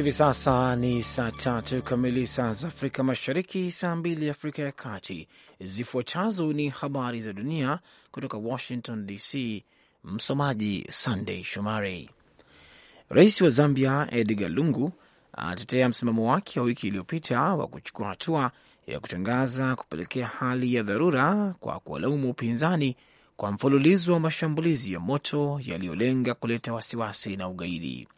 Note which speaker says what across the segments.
Speaker 1: Hivi sasa ni saa tatu kamili saa za Afrika Mashariki, saa mbili Afrika ya Kati. Zifuatazo ni habari za dunia kutoka Washington DC. Msomaji Sandey Shomari. Rais wa Zambia Edgar Lungu anatetea msimamo wake wa wiki iliyopita wa kuchukua hatua ya kutangaza kupelekea hali ya dharura kwa kuwalaumu upinzani kwa mfululizo wa mashambulizi ya moto yaliyolenga kuleta wasiwasi na ugaidi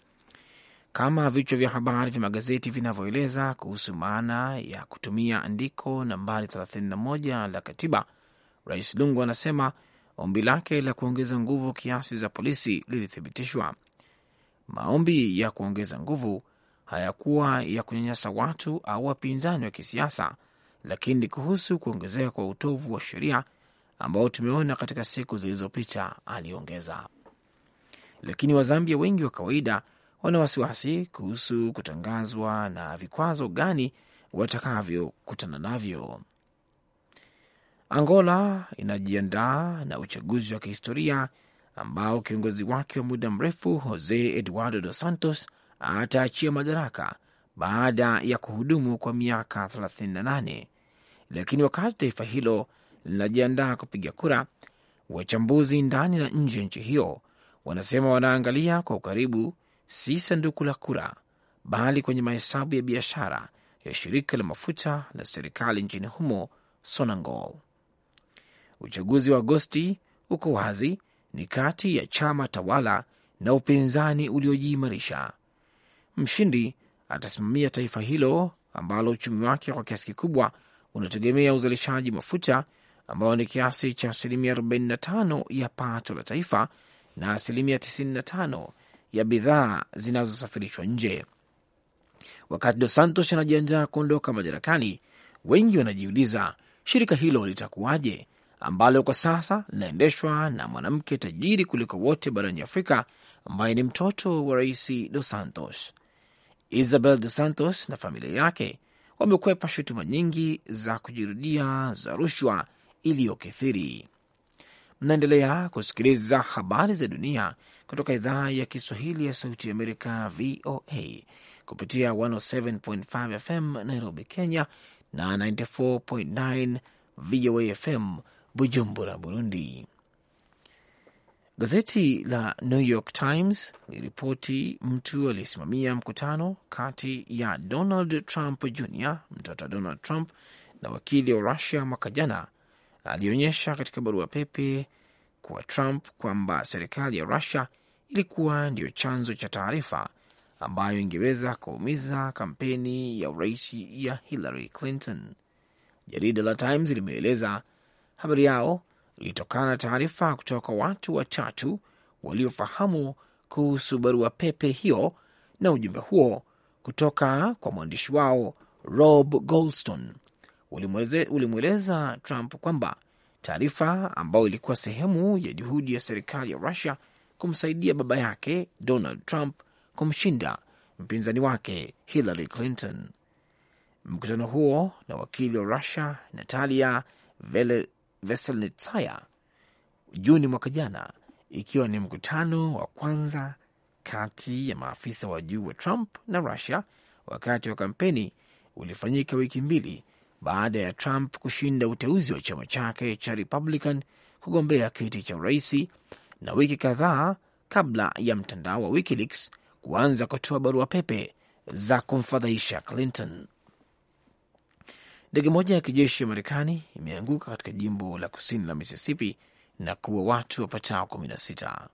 Speaker 1: kama vichwa vya habari vya magazeti vinavyoeleza kuhusu maana ya kutumia andiko nambari 31 la katiba. Rais Lungu anasema ombi lake la kuongeza nguvu kiasi za polisi lilithibitishwa. Maombi ya kuongeza nguvu hayakuwa ya kunyanyasa watu au wapinzani wa kisiasa, lakini kuhusu kuongezeka kwa utovu wa sheria ambao tumeona katika siku zilizopita, aliongeza. Lakini Wazambia wengi wa kawaida wana wasiwasi kuhusu kutangazwa na vikwazo gani watakavyokutana navyo. Angola inajiandaa na uchaguzi wa kihistoria ambao kiongozi wake wa muda mrefu Jose Eduardo Dos Santos ataachia madaraka baada ya kuhudumu kwa miaka 38. Lakini wakati taifa hilo linajiandaa kupiga kura, wachambuzi ndani na nje ya nchi hiyo wanasema wanaangalia kwa ukaribu si sanduku la kura, bali kwenye mahesabu ya biashara ya shirika la mafuta la serikali nchini humo Sonangol. Uchaguzi wa Agosti uko wazi, ni kati ya chama tawala na upinzani uliojiimarisha. Mshindi atasimamia taifa hilo ambalo uchumi wake kwa kiasi kikubwa unategemea uzalishaji mafuta ambao ni kiasi cha asilimia 45 ya pato la taifa na asilimia 95 ya bidhaa zinazosafirishwa nje. Wakati Dos Santos anajiandaa kuondoka madarakani, wengi wanajiuliza shirika hilo litakuwaje, ambalo kwa sasa linaendeshwa na mwanamke tajiri kuliko wote barani Afrika, ambaye ni mtoto wa Rais Dos Santos. Isabel Dos Santos na familia yake wamekwepa shutuma nyingi za kujirudia za rushwa iliyokithiri. Mnaendelea kusikiliza habari za dunia kutoka idhaa ya Kiswahili ya Sauti ya Amerika, VOA, kupitia 107.5 FM Nairobi, Kenya na 94.9 VOA FM Bujumbura, Burundi. Gazeti la New York Times liliripoti mtu aliyesimamia mkutano kati ya Donald Trump Jr, mtoto wa Donald Trump, na wakili wa Rusia mwaka jana alionyesha katika barua pepe kwa Trump kwamba serikali ya Rusia ilikuwa ndiyo chanzo cha taarifa ambayo ingeweza kuumiza kampeni ya urais ya Hillary Clinton. Jarida la Times limeeleza habari yao ilitokana na taarifa kutoka kwa watu watatu waliofahamu kuhusu barua pepe hiyo na ujumbe huo kutoka kwa mwandishi wao Rob Goldstone. Ulimweleza Trump kwamba taarifa ambayo ilikuwa sehemu ya juhudi ya serikali ya Rusia kumsaidia baba yake Donald Trump kumshinda mpinzani wake Hillary Clinton. Mkutano huo na wakili wa Russia Natalia Veselnitsaya Juni mwaka jana, ikiwa ni mkutano wa kwanza kati ya maafisa wa juu wa Trump na Russia wakati wa kampeni, ulifanyika wiki mbili baada ya Trump kushinda uteuzi wa chama chake cha Republican kugombea kiti cha uraisi na wiki kadhaa kabla ya mtandao wa WikiLeaks kuanza kutoa barua pepe za kumfadhaisha Clinton. Ndege moja ya kijeshi ya Marekani imeanguka katika jimbo la kusini la Mississippi na kuwa watu wapatao kumi na sita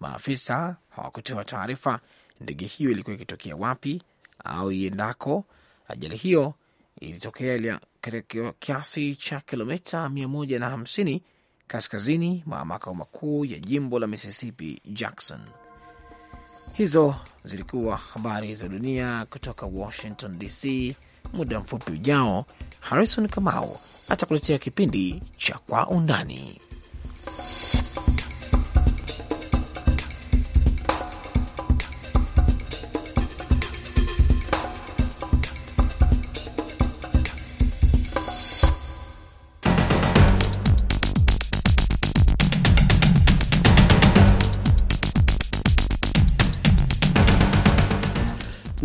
Speaker 1: Maafisa hawakutoa taarifa ndege hiyo ilikuwa ikitokea wapi au iendako. Ajali hiyo ilitokea katika kiasi cha kilomita mia moja na hamsini kaskazini mwa makao makuu ya jimbo la Mississippi, Jackson. Hizo zilikuwa habari za dunia kutoka Washington DC. Muda mfupi ujao, Harrison Kamau atakuletea kipindi cha Kwa Undani.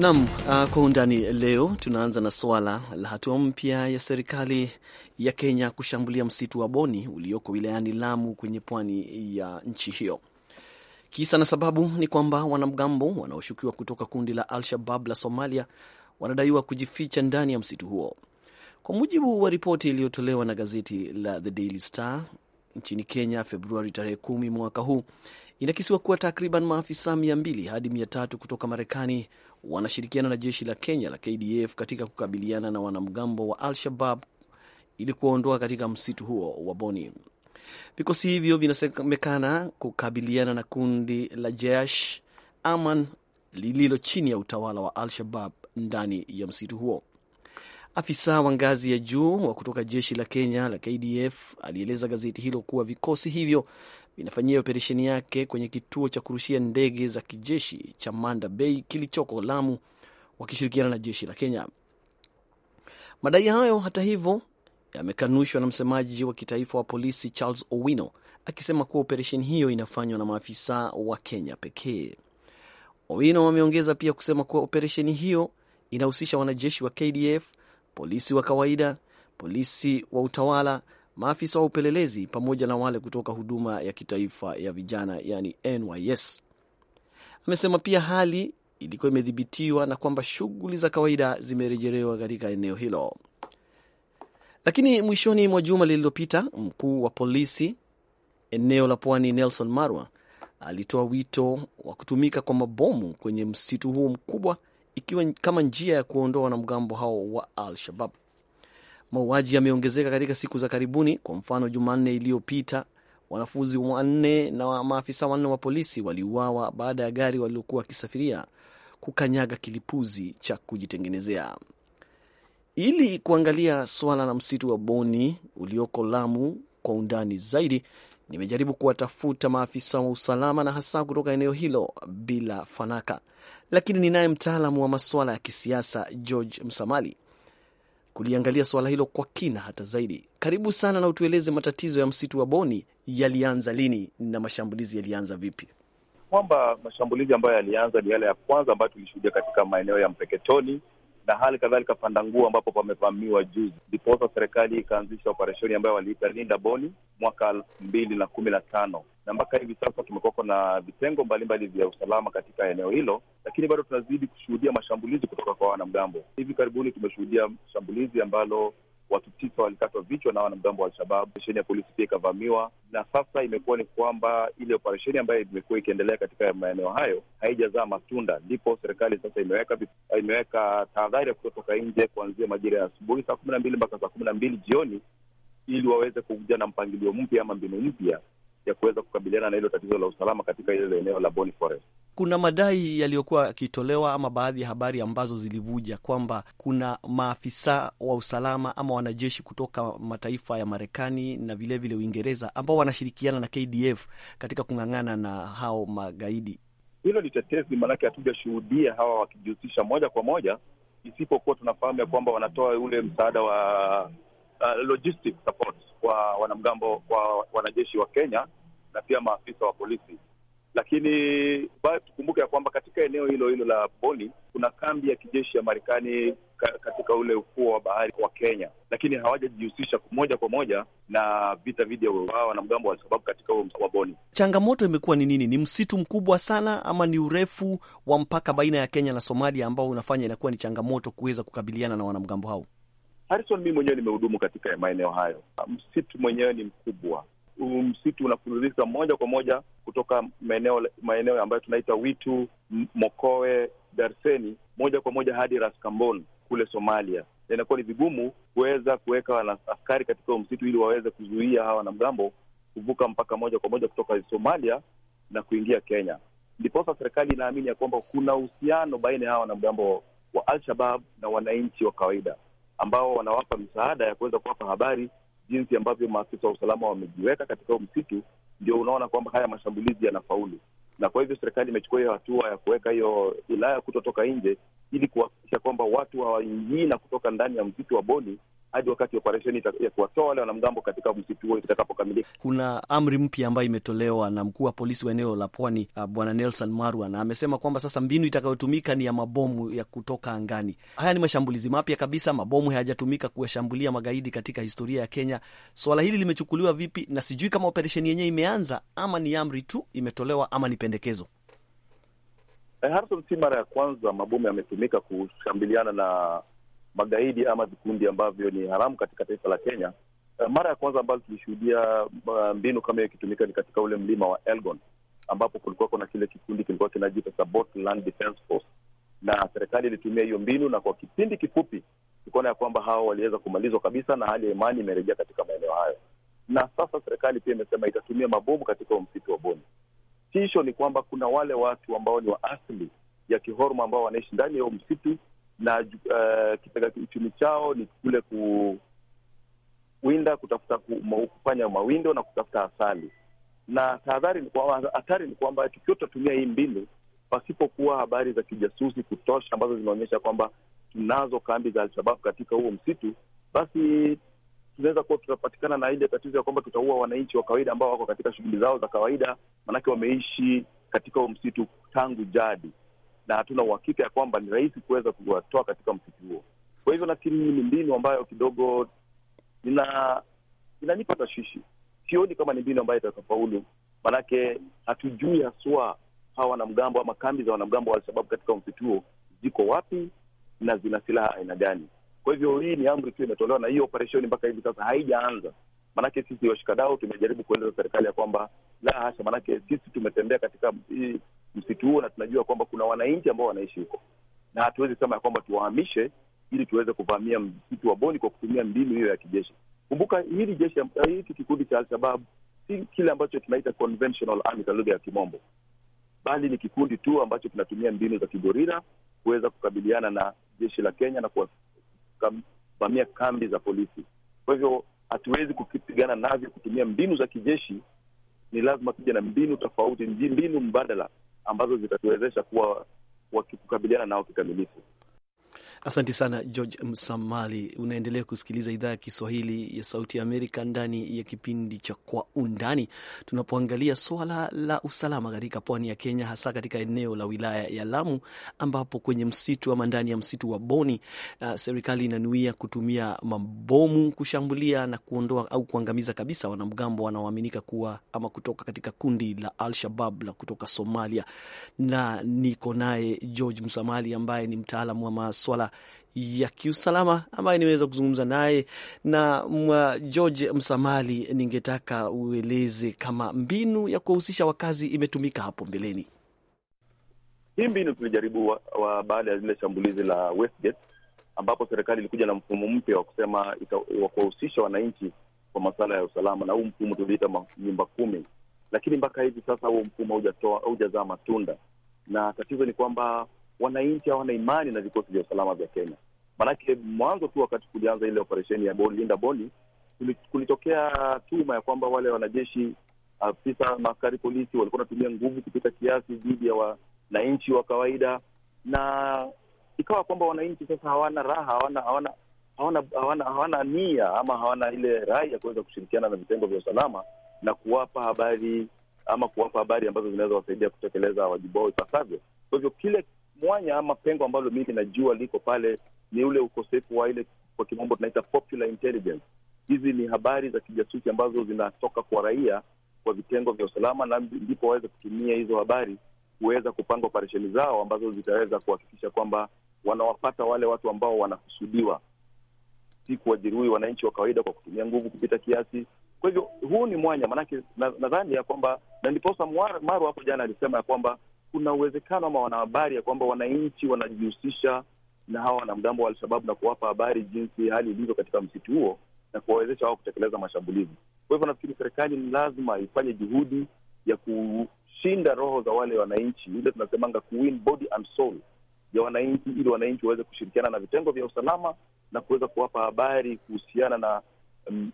Speaker 2: Nam uh, kwa undani leo tunaanza na swala la hatua mpya ya serikali ya Kenya kushambulia msitu wa Boni ulioko wilayani Lamu kwenye pwani ya nchi hiyo. Kisa na sababu ni kwamba wanamgambo wanaoshukiwa kutoka kundi la Al-Shabab la Somalia wanadaiwa kujificha ndani ya msitu huo. Kwa mujibu wa ripoti iliyotolewa na gazeti la The Daily Star nchini Kenya Februari tarehe kumi mwaka huu, inakisiwa kuwa takriban maafisa mia mbili hadi mia tatu kutoka Marekani wanashirikiana na jeshi la Kenya la KDF katika kukabiliana na wanamgambo wa Al-Shabab ili kuwaondoa katika msitu huo wa Boni. Vikosi hivyo vinasemekana kukabiliana na kundi la Jeash Aman lililo chini ya utawala wa Al-Shabab ndani ya msitu huo. Afisa wa ngazi ya juu wa kutoka jeshi la Kenya la KDF alieleza gazeti hilo kuwa vikosi hivyo inafanyia operesheni yake kwenye kituo cha kurushia ndege za kijeshi cha Manda Bay kilichoko Lamu wakishirikiana na jeshi la Kenya. Madai hayo hata hivyo yamekanushwa na msemaji wa kitaifa wa polisi Charles Owino akisema kuwa operesheni hiyo inafanywa na maafisa wa Kenya pekee. Owino ameongeza pia kusema kuwa operesheni hiyo inahusisha wanajeshi wa KDF, polisi wa kawaida, polisi wa utawala maafisa wa upelelezi pamoja na wale kutoka huduma ya kitaifa ya vijana yani NYS. Amesema pia hali ilikuwa imedhibitiwa na kwamba shughuli za kawaida zimerejelewa katika eneo hilo. Lakini mwishoni mwa juma lililopita, mkuu wa polisi eneo la pwani Nelson Marwa alitoa wito wa kutumika kwa mabomu kwenye msitu huo mkubwa ikiwa kama njia ya kuondoa wanamgambo hao wa Al Shabab. Mauaji yameongezeka katika siku za karibuni. Kwa mfano, Jumanne iliyopita wanafunzi wanne na maafisa wanne wa polisi waliuawa baada ya gari waliokuwa wakisafiria kukanyaga kilipuzi cha kujitengenezea. Ili kuangalia swala la msitu wa Boni ulioko Lamu kwa undani zaidi, nimejaribu kuwatafuta maafisa wa usalama na hasa kutoka eneo hilo bila fanaka, lakini ninaye mtaalamu wa masuala ya kisiasa George Msamali kuliangalia suala hilo kwa kina hata zaidi. Karibu sana na utueleze matatizo ya msitu wa Boni yalianza lini na mashambulizi yalianza vipi?
Speaker 3: Kwamba mashambulizi ambayo yalianza ni yale ya kwanza ambayo tulishuhudia katika maeneo ya Mpeketoni na hali kadhalika Pandanguo ambapo pamevamiwa juzi, ndiposa serikali ikaanzisha operesheni ambayo waliita Linda Boni mwaka elfu mbili na kumi na tano na mpaka hivi sasa tumekuwako na vitengo mbalimbali vya usalama katika eneo hilo, lakini bado tunazidi kushuhudia mashambulizi kutoka kwa wanamgambo. Hivi karibuni tumeshuhudia shambulizi ambalo watu tisa walikatwa vichwa na wanamgambo wa Alshabab. Operesheni ya polisi pia ikavamiwa, na sasa imekuwa ni kwamba ile operesheni ambayo imekuwa ikiendelea katika maeneo hayo haijazaa matunda, ndipo serikali sasa imeweka imeweka tahadhari ya kutotoka nje kuanzia majira ya asubuhi saa kumi na mbili mpaka saa kumi na mbili jioni ili waweze kuja na mpangilio mpya ama mbinu mpya ya kuweza kukabiliana na hilo tatizo la usalama katika ile eneo la Boni Forest.
Speaker 2: Kuna madai yaliyokuwa yakitolewa ama baadhi ya habari ambazo zilivuja kwamba kuna maafisa wa usalama ama wanajeshi kutoka mataifa ya Marekani na vilevile Uingereza vile ambao wanashirikiana na KDF katika kung'ang'ana na hao magaidi.
Speaker 3: Hilo ni tetezi, maanake hatujashuhudia hawa wakijihusisha moja kwa moja, isipokuwa tunafahamu ya kwamba wanatoa ule msaada wa uh, logistic support kwa wanamgambo kwa wanajeshi wa Kenya na pia maafisa wa polisi. Lakini tukumbuke ya kwamba katika eneo hilo hilo la Boni kuna kambi ya kijeshi ya Marekani ka, katika ule ufuo wa bahari wa Kenya, lakini hawajajihusisha moja kwa moja na vita dhidi ya wao wanamgambo wa al katika huo wa Boni.
Speaker 2: Changamoto imekuwa ni nini? Ni msitu mkubwa sana ama ni urefu wa mpaka baina ya Kenya na Somalia ambao unafanya inakuwa ni changamoto kuweza kukabiliana na wanamgambo hao?
Speaker 3: Harrison, mii mwenyewe nimehudumu katika maeneo hayo. Msitu mwenyewe ni mkubwa, msitu unafururika moja kwa moja kutoka maeneo maeneo ambayo tunaita Witu, Mokowe, Darseni, moja kwa moja hadi Raskambon kule Somalia. Inakuwa ni vigumu kuweza kuweka askari katika msitu ili waweze kuzuia hawa wanamgambo kuvuka mpaka moja kwa moja kutoka Somalia na kuingia Kenya. Ndiposa serikali inaamini ya kwamba kuna uhusiano baina ya hawa wanamgambo wa Al-Shabab na wananchi wa kawaida ambao wanawapa msaada ya kuweza kuwapa habari jinsi ambavyo maafisa wa usalama wamejiweka katika huu msitu, ndio unaona kwamba haya mashambulizi yanafaulu. Na kwa hivyo serikali imechukua hiyo hatua ya kuweka hiyo wilaya kutotoka nje ili kuhakikisha kwamba watu hawaingii na kutoka ndani ya msitu wa Boni hadi wakati operesheni ya kuwatoa wale wanamgambo katika msitu huo itakapokamilika.
Speaker 2: Kuna amri mpya ambayo imetolewa na mkuu wa polisi wa eneo la Pwani, uh, Bwana Nelson Marwa, na amesema kwamba sasa mbinu itakayotumika ni ya mabomu ya kutoka angani. Haya ni mashambulizi mapya kabisa, mabomu hayajatumika kuwashambulia magaidi katika historia ya Kenya. Swala hili limechukuliwa vipi? Na sijui kama operesheni yenyewe imeanza ama ni amri tu imetolewa ama ni pendekezo.
Speaker 3: Eh, Harrison, si mara ya kwanza mabomu yametumika kushambiliana na magaidi ama vikundi ambavyo ni haramu katika taifa la Kenya. Eh, mara ya kwanza ambayo tulishuhudia eh, mbinu kama hiyo ikitumika ni katika ule mlima wa Elgon, ambapo kulikuwa kuna kile kikundi kilikuwa kinajiita Sabot Land Force, na serikali ilitumia hiyo mbinu, na kwa kipindi kifupi tukaona ya kwamba hawa waliweza kumalizwa kabisa, na hali ya imani imerejea katika maeneo hayo. Na sasa serikali pia imesema itatumia mabomu katika msitu wa Boni. Tisho ni kwamba kuna wale watu ambao ni wa asili ya Kihorma ambao wanaishi ndani ya msitu na uh, kitega uchumi chao ni kule kuwinda, kutafuta kufanya mawindo na kutafuta asali. Na tahadhari ni kwamba, hatari ni kwamba tukiwa tutatumia hii mbinu pasipokuwa habari za kijasusi kutosha ambazo zinaonyesha kwamba tunazo kambi za Alshabab katika huo msitu, basi tunaweza kuwa tutapatikana na ile tatizo ya kwamba tutaua wananchi wa kawaida ambao wako katika shughuli zao za kawaida, maanake wameishi katika huo msitu tangu jadi na hatuna uhakika ya kwamba ni rahisi kuweza kuwatoa katika msitu huo. Kwa hivyo nafikiri hii ni mbinu ambayo kidogo ina inanipa tashwishi. Sioni kama ni mbinu ambayo itakafaulu, maanake hatujui haswa hawa wanamgambo ama kambi za wanamgambo wa Alshababu katika msitu huo ziko wapi na zina silaha aina gani. Kwa hivyo hii ni amri tu imetolewa, na hiyo operesheni mpaka hivi sasa haijaanza. Maanake sisi washikadao tumejaribu kueleza serikali ya kwamba la hasha, maanake sisi tumetembea katika msitu huo na tunajua kwamba kuna wananchi ambao wanaishi huko, na hatuwezi sema ya kwamba tuwahamishe ili tuweze kuvamia msitu wa Boni kwa kutumia mbinu hiyo ya kijeshi. Kumbuka hili jeshi, hiki kikundi cha Alshababu si kile ambacho tunaita conventional army kwa lugha ya Kimombo, bali ni kikundi tu ambacho kinatumia mbinu za kigorira kuweza kukabiliana na jeshi la Kenya na kuvamia kambi za polisi. Kwa hivyo hatuwezi kupigana navyo kutumia mbinu za kijeshi. Ni lazima tuje na mbinu tofauti, mbinu mbadala ambazo zitatuwezesha kuwa wakikukabiliana nao kikamilifu.
Speaker 2: Asante sana George Msamali. Unaendelea kusikiliza idhaa ya Kiswahili ya Sauti ya Amerika ndani ya kipindi cha Kwa Undani, tunapoangalia swala la usalama katika pwani ya Kenya, hasa katika eneo la wilaya ya Lamu, ambapo kwenye msitu ama ndani ya msitu wa Boni uh, serikali inanuia kutumia mabomu kushambulia na kuondoa au kuangamiza kabisa wanamgambo wanaoaminika kuwa ama kutoka katika kundi la alshabab la kutoka Somalia, na niko naye George Msamali ambaye ni mtaalamu wa maswala masuala ya kiusalama ambaye nimeweza kuzungumza naye na mwa George Msamali. Ningetaka ueleze kama mbinu ya kuwahusisha wakazi imetumika hapo mbeleni.
Speaker 3: Hii mbinu tulijaribu wa, wa baada ya zile shambulizi la Westgate, ambapo serikali ilikuja na mfumo mpya wa kusema wa kuwahusisha wananchi kwa masuala ya usalama, na huu mfumo tuliita nyumba kumi, lakini mpaka hivi sasa huo mfumo haujazaa matunda, na tatizo ni kwamba wananchi hawana imani na vikosi vya usalama vya Kenya. Maanake mwanzo tu wakati kulianza ile operesheni ya boli, linda boli, kulitokea tuma ya kwamba wale wanajeshi, uh, afisa maaskari polisi walikuwa wanatumia nguvu kupita kiasi dhidi ya wananchi wa kawaida, na ikawa kwamba wananchi sasa hawana raha, hawana hawana hawana hawana hawana nia ama hawana ile rai ya kuweza kushirikiana na vitengo vya usalama na kuwapa habari ama kuwapa habari ambazo zinaweza wasaidia kutekeleza wajibu wao ipasavyo. Kwa hivyo kile mwanya ama pengo ambalo mimi najua liko pale ni ule ukosefu wa ile kwa kimombo tunaita popular intelligence. Hizi ni habari za kijasusi ambazo zinatoka kwa raia kwa vitengo vya usalama, na ndipo waweze kutumia hizo habari kuweza kupanga operesheni zao ambazo zitaweza kuhakikisha kwamba wanawapata wale watu ambao wanakusudiwa, si kuwajeruhi wananchi wa kawaida kwa kutumia nguvu kupita kiasi. Kwa hivyo huu ni mwanya, maanake nadhani na ya kwamba na ndiposa Maro hapo jana alisema ya kwamba kuna uwezekano ama wana habari ya kwamba wananchi wanajihusisha na hawa wanamgambo wa Alshababu na kuwapa habari jinsi hali ilivyo katika msitu huo na kuwawezesha wao kutekeleza mashambulizi. Kwa hivyo nafikiri serikali ni lazima ifanye juhudi ya kushinda roho za wale wananchi, ile tunasemanga kuwin body and soul ya wananchi, ili wananchi waweze kushirikiana na vitengo vya usalama na kuweza kuwapa habari kuhusiana na mm,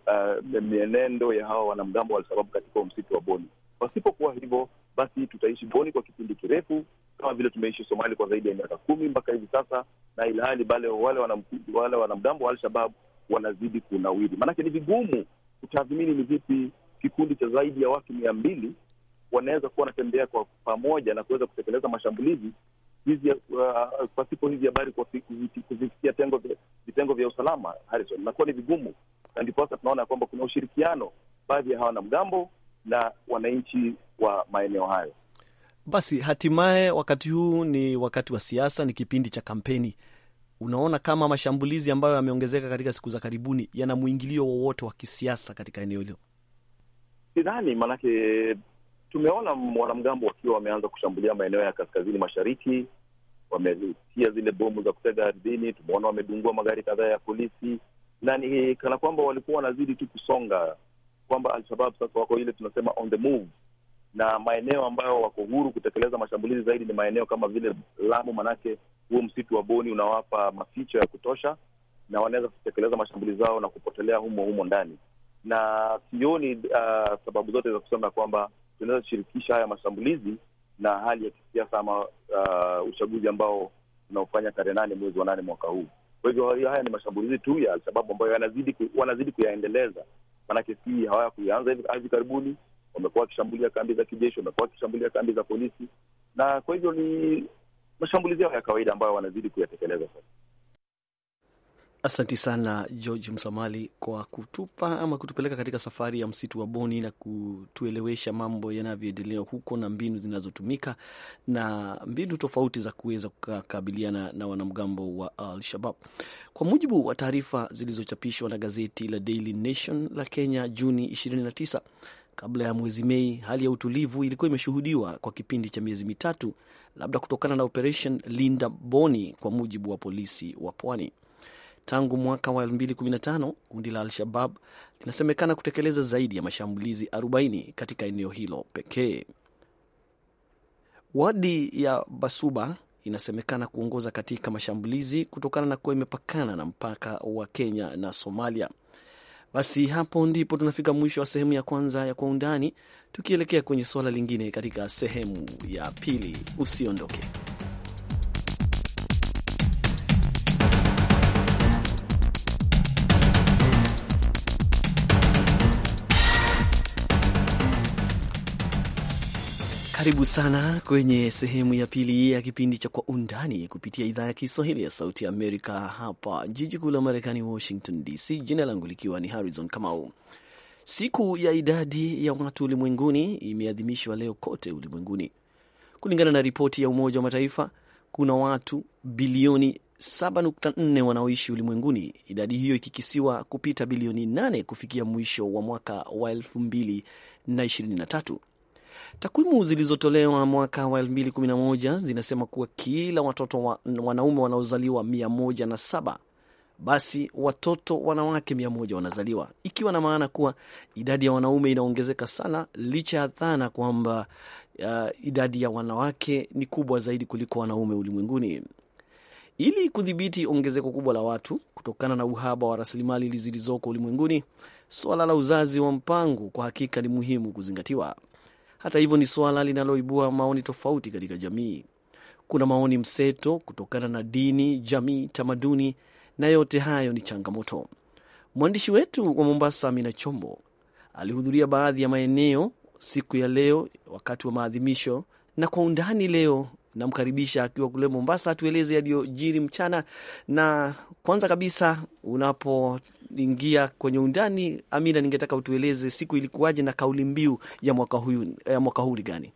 Speaker 3: uh, mienendo um, uh, ya hawa wanamgambo wa Alshababu katika msitu wa Boni. Pasipokuwa hivyo basi tutaishi boni kwa kipindi kirefu kama vile tumeishi Somali kwa zaidi ya miaka kumi mpaka hivi sasa, na ilhali bale wale wanamgambo wana wa alshabab shabab wanazidi kunawiri. Maanake ni vigumu kutathmini ni vipi kikundi cha zaidi ya watu mia mbili wanaweza kuwa wanatembea kwa pamoja na kuweza kutekeleza mashambulizi uh, pasipo hizi habari kuvifikia vitengo vya usalama Harrison, inakuwa ni vigumu, na ndiposa tunaona ya kwamba kuna ushirikiano baadhi ya mgambo na wananchi wa maeneo hayo.
Speaker 2: Basi hatimaye, wakati huu ni wakati wa siasa, ni kipindi cha kampeni. Unaona kama mashambulizi ambayo yameongezeka katika siku za karibuni yana mwingilio wowote wa kisiasa katika eneo hilo?
Speaker 3: Sidhani, maanake tumeona wanamgambo wakiwa wameanza kushambulia maeneo ya kaskazini mashariki, wametia zile bomu za kutega ardhini. Tumeona wamedungua magari kadhaa ya polisi na ni kana kwamba walikuwa wanazidi tu kusonga kwamba alshabab sasa wako ile tunasema on the move, na maeneo ambayo wako huru kutekeleza mashambulizi zaidi ni maeneo kama vile Lamu, manake huo msitu wa Boni unawapa maficho ya kutosha, na wanaweza kutekeleza mashambulizi zao na kupotelea humo humo ndani, na sioni uh, sababu zote za kusema kwamba tunaweza kushirikisha haya mashambulizi na hali ya kisiasa ama uh, uchaguzi ambao unaofanya tarehe nane mwezi wa nane mwaka huu. Kwa hivyo haya ni mashambulizi tu ya Alshababu ambayo wanazidi kuyaendeleza maanake si hawaya hivi karibuni. Wamekuwa wakishambulia kambi za kijeshi, wamekuwa wakishambulia kambi za polisi, na kwa hivyo ni mashambulizi yao ya kawaida ambayo wanazidi kuyatekeleza sasa.
Speaker 2: Asanti sana George Msamali kwa kutupa ama kutupeleka katika safari ya msitu wa Boni na kutuelewesha mambo yanavyoendelea huko na mbinu zinazotumika na mbinu tofauti za kuweza kukabiliana na wanamgambo wa Al-Shabab. Kwa mujibu wa taarifa zilizochapishwa na gazeti la Daily Nation la Kenya Juni 29, kabla ya mwezi Mei, hali ya utulivu ilikuwa imeshuhudiwa kwa kipindi cha miezi mitatu, labda kutokana na Operation Linda Boni, kwa mujibu wa polisi wa pwani. Tangu mwaka wa 2015 kundi la Al-Shabab linasemekana kutekeleza zaidi ya mashambulizi 40 katika eneo hilo pekee. Wadi ya Basuba inasemekana kuongoza katika mashambulizi kutokana na kuwa imepakana na mpaka wa Kenya na Somalia. Basi hapo ndipo tunafika mwisho wa sehemu ya kwanza ya Kwa Undani, tukielekea kwenye suala lingine katika sehemu ya pili. Usiondoke. Karibu sana kwenye sehemu ya pili ya kipindi cha Kwa Undani kupitia idhaa ya Kiswahili ya Sauti ya Amerika, hapa jiji kuu la Marekani, Washington DC. Jina langu likiwa ni Harrison Kamau. Siku ya idadi ya watu ulimwenguni imeadhimishwa leo kote ulimwenguni. Kulingana na ripoti ya Umoja wa Mataifa, kuna watu bilioni 7.4 wanaoishi ulimwenguni, idadi hiyo ikikisiwa kupita bilioni 8 kufikia mwisho wa mwaka wa 2023. Takwimu zilizotolewa mwaka wa 2011 zinasema kuwa kila watoto wa, wanaume wanaozaliwa 107 basi watoto wanawake 100 wanazaliwa, ikiwa na maana kuwa idadi ya wanaume inaongezeka sana, licha ya dhana kwamba uh, idadi ya wanawake ni kubwa zaidi kuliko wanaume ulimwenguni. Ili kudhibiti ongezeko kubwa la watu kutokana na uhaba wa rasilimali zilizoko ulimwenguni, suala la uzazi wa mpango kwa hakika ni muhimu kuzingatiwa. Hata hivyo, ni suala linaloibua maoni tofauti katika jamii. Kuna maoni mseto kutokana na dini, jamii, tamaduni, na yote hayo ni changamoto. Mwandishi wetu wa Mombasa, Amina Chombo, alihudhuria baadhi ya maeneo siku ya leo wakati wa maadhimisho, na kwa undani leo namkaribisha akiwa kule Mombasa atueleze yaliyojiri mchana. Na kwanza kabisa, unapo ingia kwenye undani, Amina, ningetaka utueleze siku ilikuwaje na kauli mbiu ya mwaka huu ya mwaka huu ni gani?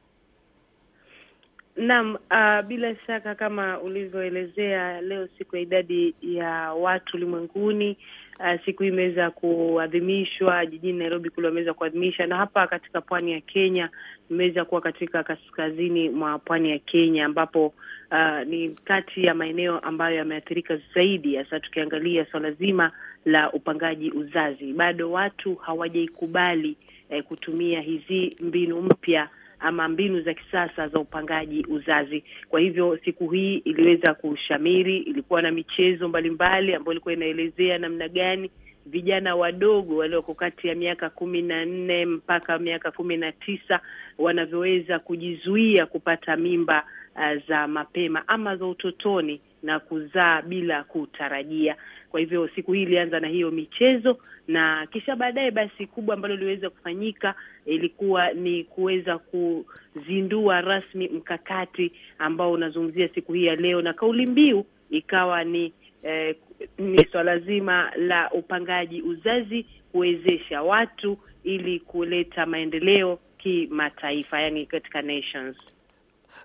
Speaker 4: Naam, uh, bila shaka kama ulivyoelezea, leo siku ya idadi ya watu ulimwenguni Uh, siku hii imeweza kuadhimishwa jijini Nairobi kule wameweza kuadhimisha, na hapa katika pwani ya Kenya imeweza kuwa katika kaskazini mwa pwani ya Kenya ambapo uh, ni kati ya maeneo ambayo yameathirika zaidi, hasa tukiangalia swala zima la upangaji uzazi. Bado watu hawajaikubali eh, kutumia hizi mbinu mpya ama mbinu za kisasa za upangaji uzazi. Kwa hivyo siku hii iliweza kushamiri, ilikuwa na michezo mbalimbali ambayo ilikuwa inaelezea namna gani vijana wadogo walioko kati ya miaka kumi na nne mpaka miaka kumi na tisa wanavyoweza kujizuia kupata mimba uh, za mapema ama za utotoni na kuzaa bila kutarajia. Kwa hivyo siku hii ilianza na hiyo michezo, na kisha baadaye basi kubwa ambalo liliweza kufanyika ilikuwa ni kuweza kuzindua rasmi mkakati ambao unazungumzia siku hii ya leo, na kauli mbiu ikawa ni eh, ni swala zima la upangaji uzazi kuwezesha watu ili kuleta maendeleo kimataifa, yani katika nations.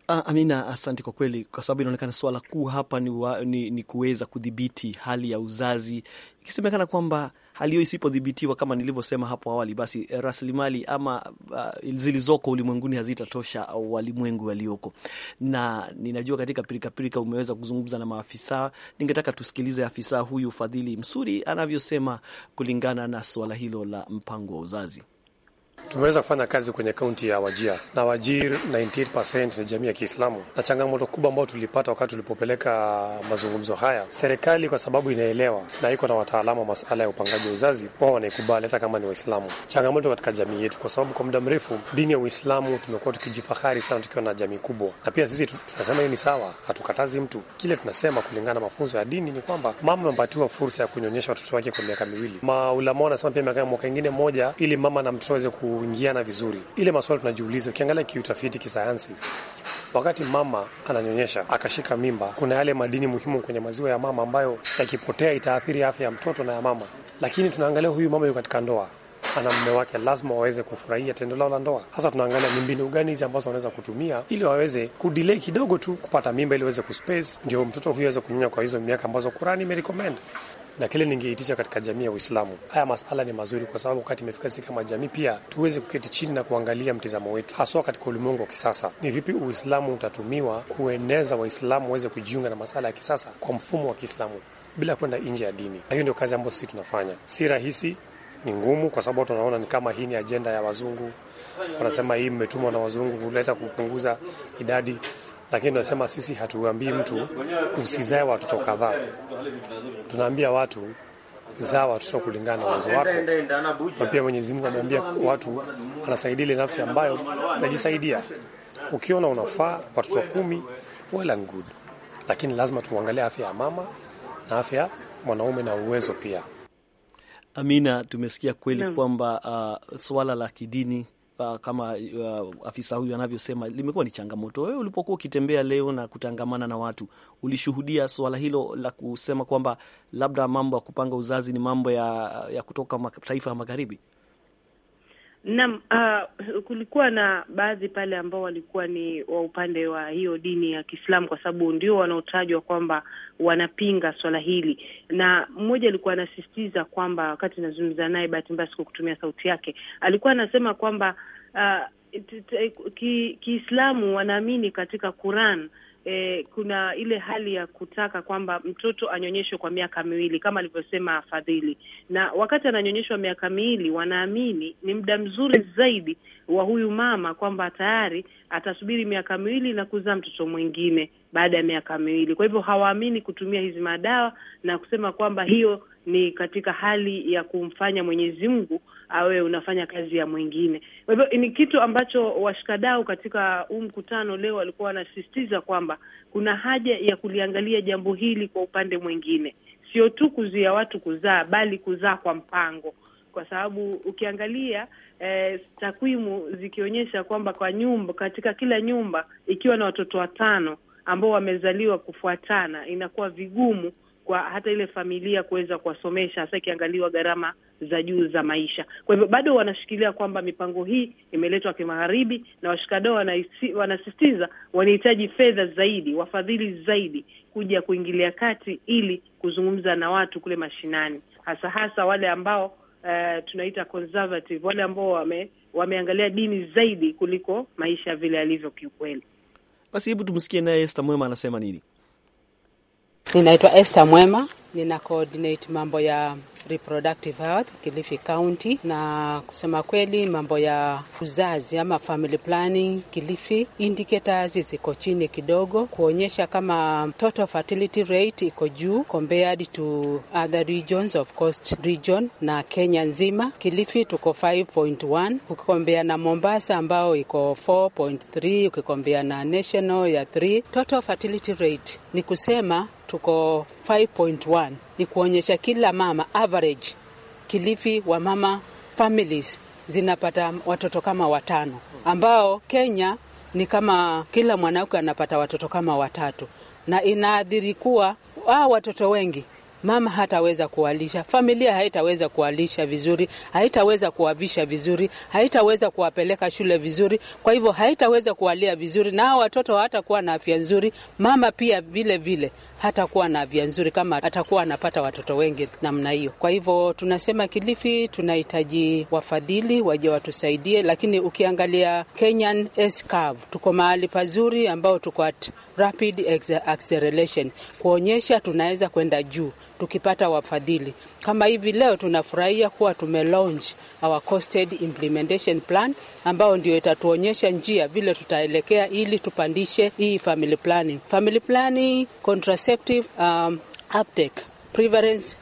Speaker 2: Ah, Amina, asante kwa kweli, kwa sababu inaonekana swala kuu hapa ni, wa, ni, ni kuweza kudhibiti hali ya uzazi, ikisemekana kwamba hali hiyo isipodhibitiwa, kama nilivyosema hapo awali, basi eh, rasilimali ama uh, zilizoko ulimwenguni hazitatosha walimwengu walioko. Na ninajua katika pirikapirika umeweza kuzungumza na maafisa, ningetaka tusikilize afisa huyu Fadhili Msuri anavyosema kulingana na suala hilo la mpango wa uzazi.
Speaker 5: Tumeweza kufanya kazi kwenye kaunti ya wajia na Wajir 98% ni jamii ya Kiislamu, na changamoto kubwa ambayo tulipata wakati tulipopeleka mazungumzo haya, serikali kwa sababu inaelewa na iko na wataalamu wa masala ya upangaji wa uzazi, wao wanaikubali hata kama ni Waislamu. Changamoto katika jamii yetu, kwa sababu kwa muda mrefu dini ya Uislamu tumekuwa tukijifahari sana tukiwa na jamii kubwa, na pia sisi tunasema hii ni sawa, hatukatazi mtu. Kile tunasema kulingana na mafunzo ya dini ni kwamba mama amepatiwa fursa ya kunyonyesha watoto wake kwa miaka miwili. Maulama wanasema pia mwaka ingine moja, ili mama na mtoto ku kuingiana vizuri. Ile maswali tunajiuliza, ukiangalia kiutafiti kisayansi, wakati mama ananyonyesha akashika mimba, kuna yale madini muhimu kwenye maziwa ya mama ambayo yakipotea itaathiri afya ya mtoto na ya mama. Lakini tunaangalia huyu mama yuko katika ndoa, ana mme wake, lazima waweze kufurahia tendo lao la ndoa. Sasa tunaangalia ni mbinu gani hizi ambazo wanaweza kutumia ili waweze kudelay kidogo tu kupata mimba, ili waweze kuspace, ndio mtoto huyu aweze kunyonya kwa hizo miaka ambazo Kurani imerecommend na kile ningeitisha katika jamii ya Uislamu, haya masala ni mazuri, kwa sababu wakati imefika sisi kama jamii pia tuweze kuketi chini na kuangalia mtizamo wetu, haswa katika ulimwengu wa kisasa. Ni vipi Uislamu utatumiwa kueneza Waislamu waweze kujiunga na masala ya kisasa kwa mfumo wa Kiislamu bila kwenda nje ya dini. Hiyo ndio kazi ambayo sisi tunafanya. Si rahisi, ni ngumu, kwa sababu tunaona ni kama hii ni ajenda ya wazungu. Wanasema hii mmetumwa na wazungu kuleta kupunguza idadi lakini tunasema sisi hatuambii mtu usizae watoto kadhaa. Tunaambia watu zaa watoto kulingana na uwezo wako, na pia Mwenyezi Mungu ameambia watu anasaidia ile nafsi ambayo najisaidia. Ukiona unafaa watoto kumi, well and good, lakini lazima tuangalie afya ya mama na afya mwanaume na uwezo pia. Amina, tumesikia
Speaker 2: kweli kwamba uh, swala la kidini uh, kama uh, afisa huyu anavyosema limekuwa ni changamoto. Wewe ulipokuwa ukitembea leo na kutangamana na watu, ulishuhudia suala hilo la kusema kwamba labda mambo ya kupanga uzazi ni mambo ya, ya kutoka mataifa ya magharibi?
Speaker 4: Naam, uh, kulikuwa na baadhi pale ambao walikuwa ni wa upande wa hiyo dini ya Kiislamu kwa sababu ndio wanaotajwa kwamba wanapinga swala hili, na mmoja alikuwa anasisitiza kwamba, wakati nazungumza naye, bahati mbaya siku kutumia sauti yake, alikuwa anasema kwamba uh, Kiislamu ki wanaamini katika Quran eh, kuna ile hali ya kutaka kwamba mtoto anyonyeshwe kwa miaka miwili kama alivyosema Fadhili, na wakati ananyonyeshwa miaka miwili, wanaamini ni muda mzuri zaidi wa huyu mama kwamba tayari atasubiri miaka miwili na kuzaa mtoto mwingine baada ya miaka miwili. Kwa hivyo hawaamini kutumia hizi madawa na kusema kwamba hiyo ni katika hali ya kumfanya Mwenyezi Mungu awe unafanya kazi ya mwingine. Kwa hivyo ni kitu ambacho washikadau katika huu mkutano leo walikuwa wanasisitiza kwamba kuna haja ya kuliangalia jambo hili kwa upande mwingine, sio tu kuzuia watu kuzaa, bali kuzaa kwa mpango, kwa sababu ukiangalia eh, takwimu zikionyesha kwamba kwa nyumba, katika kila nyumba ikiwa na watoto watano ambao wamezaliwa kufuatana, inakuwa vigumu kwa hata ile familia kuweza kuwasomesha, hasa ikiangaliwa gharama za juu za maisha. Kwa hivyo bado wanashikilia kwamba mipango hii imeletwa kimagharibi, na washikadau wanasisitiza wanahitaji fedha zaidi, wafadhili zaidi, kuja kuingilia kati ili kuzungumza na watu kule mashinani, hasa hasa wale ambao uh, tunaita conservative, wale ambao wame, wameangalia dini zaidi kuliko maisha vile yalivyo
Speaker 6: kiukweli.
Speaker 2: Basi hebu tumsikie naye Esta Mwema anasema nini. Ninaitwa Esther Mwema,
Speaker 6: nina coordinate mambo ya reproductive health Kilifi County, na kusema kweli mambo ya uzazi ama family planning Kilifi indicators ziko chini kidogo, kuonyesha kama total fertility rate iko juu compared to other regions of coast region na Kenya nzima. Kilifi tuko 5.1 ukikombea na Mombasa ambao iko 4.3 ukikombea na national ya 3. Total fertility rate ni kusema tuko 5.1 ni kuonyesha kila mama average Kilifi wa mama families zinapata watoto kama watano, ambao Kenya ni kama kila mwanamke anapata watoto kama watatu, na inaadhiri kuwa ah, watoto wengi mama hataweza kuwalisha, familia haitaweza kuwalisha vizuri, haitaweza kuwavisha vizuri, haitaweza kuwapeleka shule vizuri, kwa hivyo haitaweza kuwalia vizuri, na hao watoto hawatakuwa na afya nzuri. Mama pia vile vile hatakuwa na afya nzuri kama atakuwa anapata watoto wengi namna hiyo. Kwa hivyo tunasema Kilifi tunahitaji wafadhili waje watusaidie, lakini ukiangalia Kenyan S-curve, tuko mahali pazuri ambao tuko at rapid acceleration, kuonyesha tunaweza kwenda juu tukipata wafadhili kama hivi. Leo tunafurahia kuwa tumelaunch our costed implementation plan, ambao ndio itatuonyesha njia vile tutaelekea ili tupandishe hii family planning, family planning contraceptive um, uptake prevalence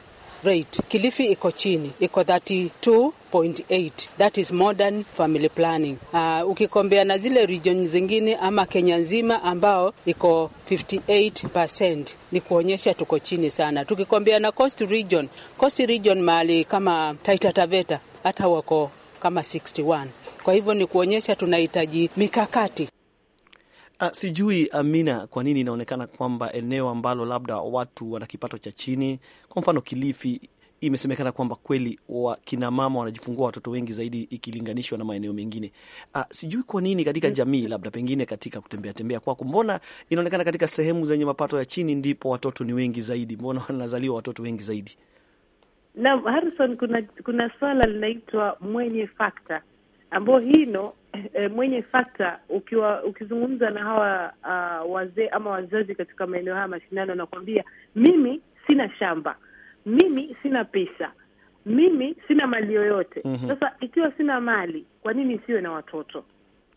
Speaker 6: rate. Kilifi iko chini, iko 32 8. That is modern family planning. Uh, ukikombea na zile region zingine ama Kenya nzima ambao iko 58%, ni kuonyesha tuko chini sana. Tukikombea na Coast region, Coast region mali kama Taita Taveta hata wako kama 61. Kwa hivyo ni kuonyesha tunahitaji mikakati.
Speaker 2: A, ah, sijui Amina, kwa nini inaonekana kwamba eneo ambalo labda watu wana kipato cha chini, kwa mfano Kilifi, imesemekana kwamba kweli wakinamama wanajifungua watoto wengi zaidi ikilinganishwa na maeneo mengine. A, ah, sijui kwa nini katika mm. jamii, labda pengine katika kutembea tembea kwako, mbona inaonekana katika sehemu zenye mapato ya chini ndipo watoto ni wengi zaidi? Mbona wanazaliwa watoto wengi zaidi?
Speaker 4: Naam, Harrison, kuna kuna swala linaitwa mwenye fakta ambao hino e, eh, mwenye fakta ukiwa ukizungumza na hawa uh, wazee ama wazazi katika maeneo haya mashinani, wanakuambia mimi sina shamba, mimi sina pesa, mimi sina mali yoyote. mm -hmm. Sasa ikiwa sina mali, kwa nini siwe na watoto?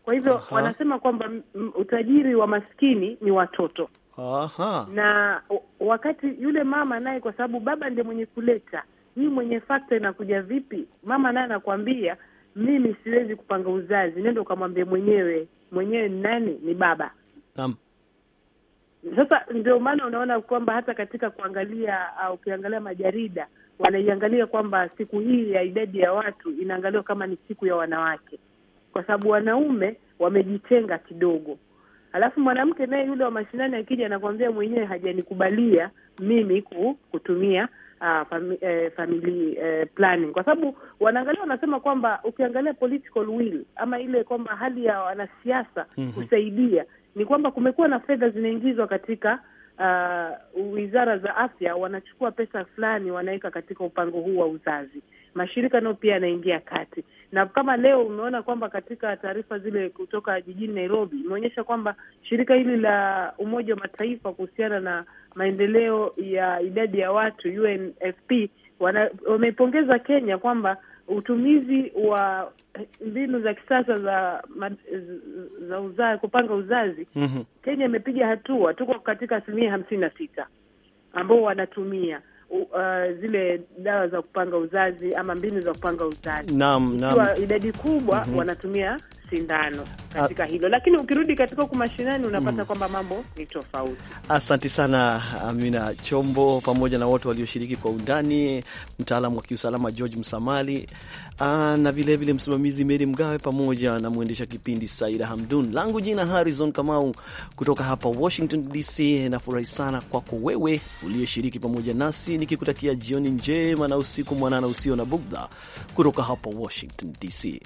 Speaker 4: Kwa hivyo Aha. wanasema kwamba utajiri wa maskini ni watoto.
Speaker 2: Aha.
Speaker 4: na wakati yule mama naye, kwa sababu baba ndiye mwenye kuleta hii mwenye fakta inakuja vipi? Mama naye anakuambia mimi siwezi kupanga uzazi, nenda ukamwambie mwenyewe. Mwenyewe ni nani? Ni baba. Naam. Sasa ndio maana unaona kwamba hata katika kuangalia au uh, ukiangalia majarida wanaiangalia kwamba siku hii ya idadi ya watu inaangaliwa kama ni siku ya wanawake, kwa sababu wanaume wamejitenga kidogo alafu mwanamke naye yule wa mashinani akija anakuambia mwenyewe hajanikubalia mimi kutumia uh, fami, eh, family eh, planning, kwa sababu wanaangalia wanasema kwamba ukiangalia political will ama ile kwamba hali ya wanasiasa mm -hmm. kusaidia ni kwamba kumekuwa na fedha zinaingizwa katika uh, wizara za afya, wanachukua pesa fulani wanaweka katika upango huu wa uzazi. Mashirika nayo pia yanaingia kati, na kama leo umeona kwamba katika taarifa zile kutoka jijini Nairobi imeonyesha kwamba shirika hili la Umoja wa Mataifa kuhusiana na maendeleo ya idadi ya watu UNFP wamepongeza Kenya kwamba utumizi wa mbinu za kisasa za za uzazi, kupanga uzazi mm -hmm. Kenya imepiga hatua, tuko katika asilimia hamsini na sita ambao wanatumia uh, zile dawa za kupanga uzazi ama mbinu za kupanga uzazi. Naam, naam. Idadi kubwa mm -hmm. wanatumia sindano ah. katika hilo, lakini ukirudi katika huku mashinani unapata mm, kwamba mambo ni tofauti.
Speaker 2: Asante sana Amina Chombo pamoja na wote walioshiriki kwa undani, mtaalamu wa kiusalama George Msamali aa, ah, na vilevile msimamizi Meri Mgawe pamoja na mwendesha kipindi Saida Hamdun. Langu jina Harrison Kamau kutoka hapa Washington DC. Nafurahi sana kwako wewe uliyeshiriki pamoja nasi, nikikutakia jioni njema na usiku mwanana usio na bugdha kutoka hapa Washington DC.